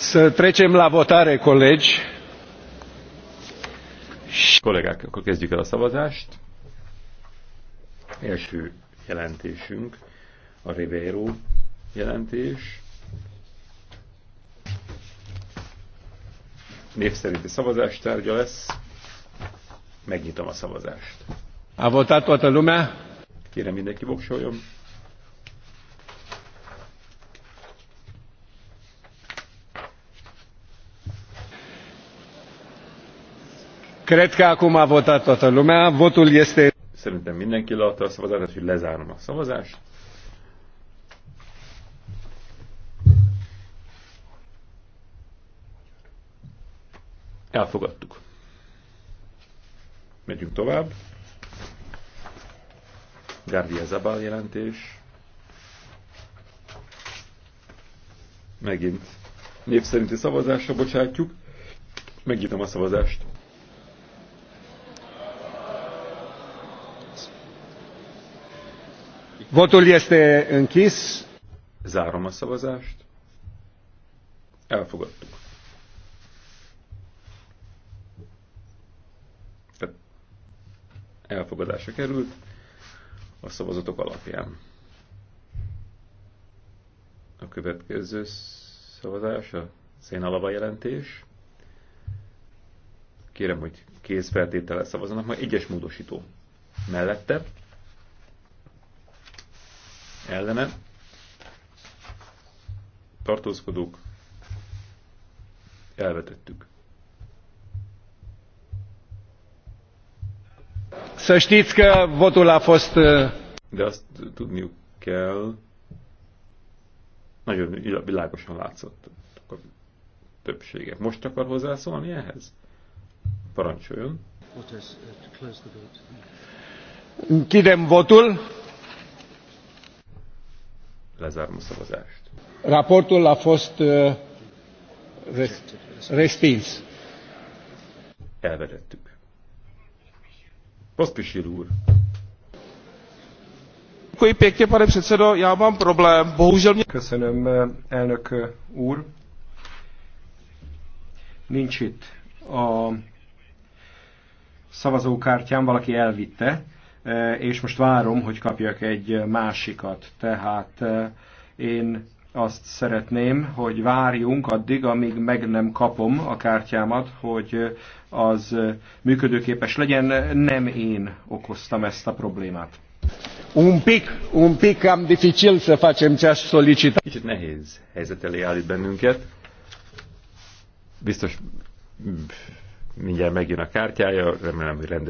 Să trecem la votare, colegi. Kollégák, akkor kezdjük el a szavazást. Első jelentésünk a Ribeiro jelentés. Név szerinti szavazás tárgya lesz. Megnyitom a szavazást. A votat toată lumea? Kérem mindenki voksoljon. Cred că acum a votat toată lumea. Votul este... Szerintem mindenki leadta a szavazást, hogy lezárom a szavazást. Elfogadtuk. Megyünk tovább. Gárdia Zabal jelentés. Megint név szerinti szavazásra bocsátjuk. Megnyitom a szavazást. Votul este închis. Zárom a szavazást. Elfogadtuk. Tehát elfogadásra került a szavazatok alapján. A következő szavazás a szénalava jelentés. Kérem, hogy kézfeltétellel szavazanak, majd egyes módosító mellette ellene tartózkodók elvetettük. Să știți uh, De azt tudniuk kell, nagyon világosan látszott a többsége. Most akar hozzászólni ehhez? Parancsoljon. Uh, Kidem votul. Lezárom a szavazást. Raportul a fost uh, respins. Elvedettük. Pospisil úr. Děkuji pěkně, pane předsedo. Já mám problém. Bohužel mě... Köszönöm, eh, elnök eh, úr. Nincs itt a szavazókártyám, valaki elvitte. Eh, és most várom, hogy kapjak egy másikat. Tehát eh, én azt szeretném, hogy várjunk addig, amíg meg nem kapom a kártyámat, hogy eh, az működőképes legyen. Nem én okoztam ezt a problémát. Un pic, un pic cam dificil să facem ce aș solicita. Kicsit nehéz helyzet elé állít bennünket. Biztos mm, mindjárt megjön a kártyája, remélem, hogy rendez